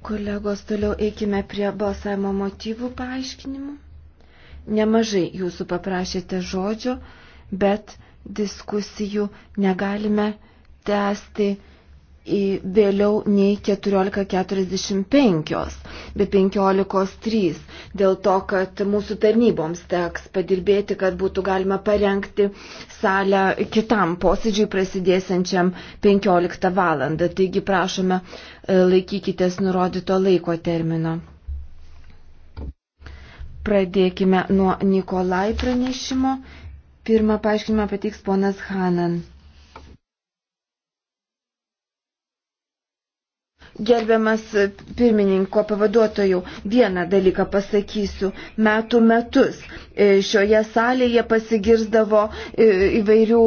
Kolegos, toliau eikime prie balsavimo motyvų paaiškinimų. Nemažai jūsų paprašėte žodžio, bet diskusijų negalime tęsti vėliau nei 14.45, bet 15.03 dėl to, kad mūsų tarnyboms teks padirbėti, kad būtų galima parengti salę kitam posėdžiui prasidėsiančiam 15 val. Taigi prašome e, laikykitės nurodyto laiko termino. Pradėkime nuo Nikolai pranešimo. Pirmą paaiškinimą patiks ponas Hanan. Gerbiamas pirmininko pavaduotojų, vieną dalyką pasakysiu. Metų metus e, šioje salėje pasigirsdavo e, įvairių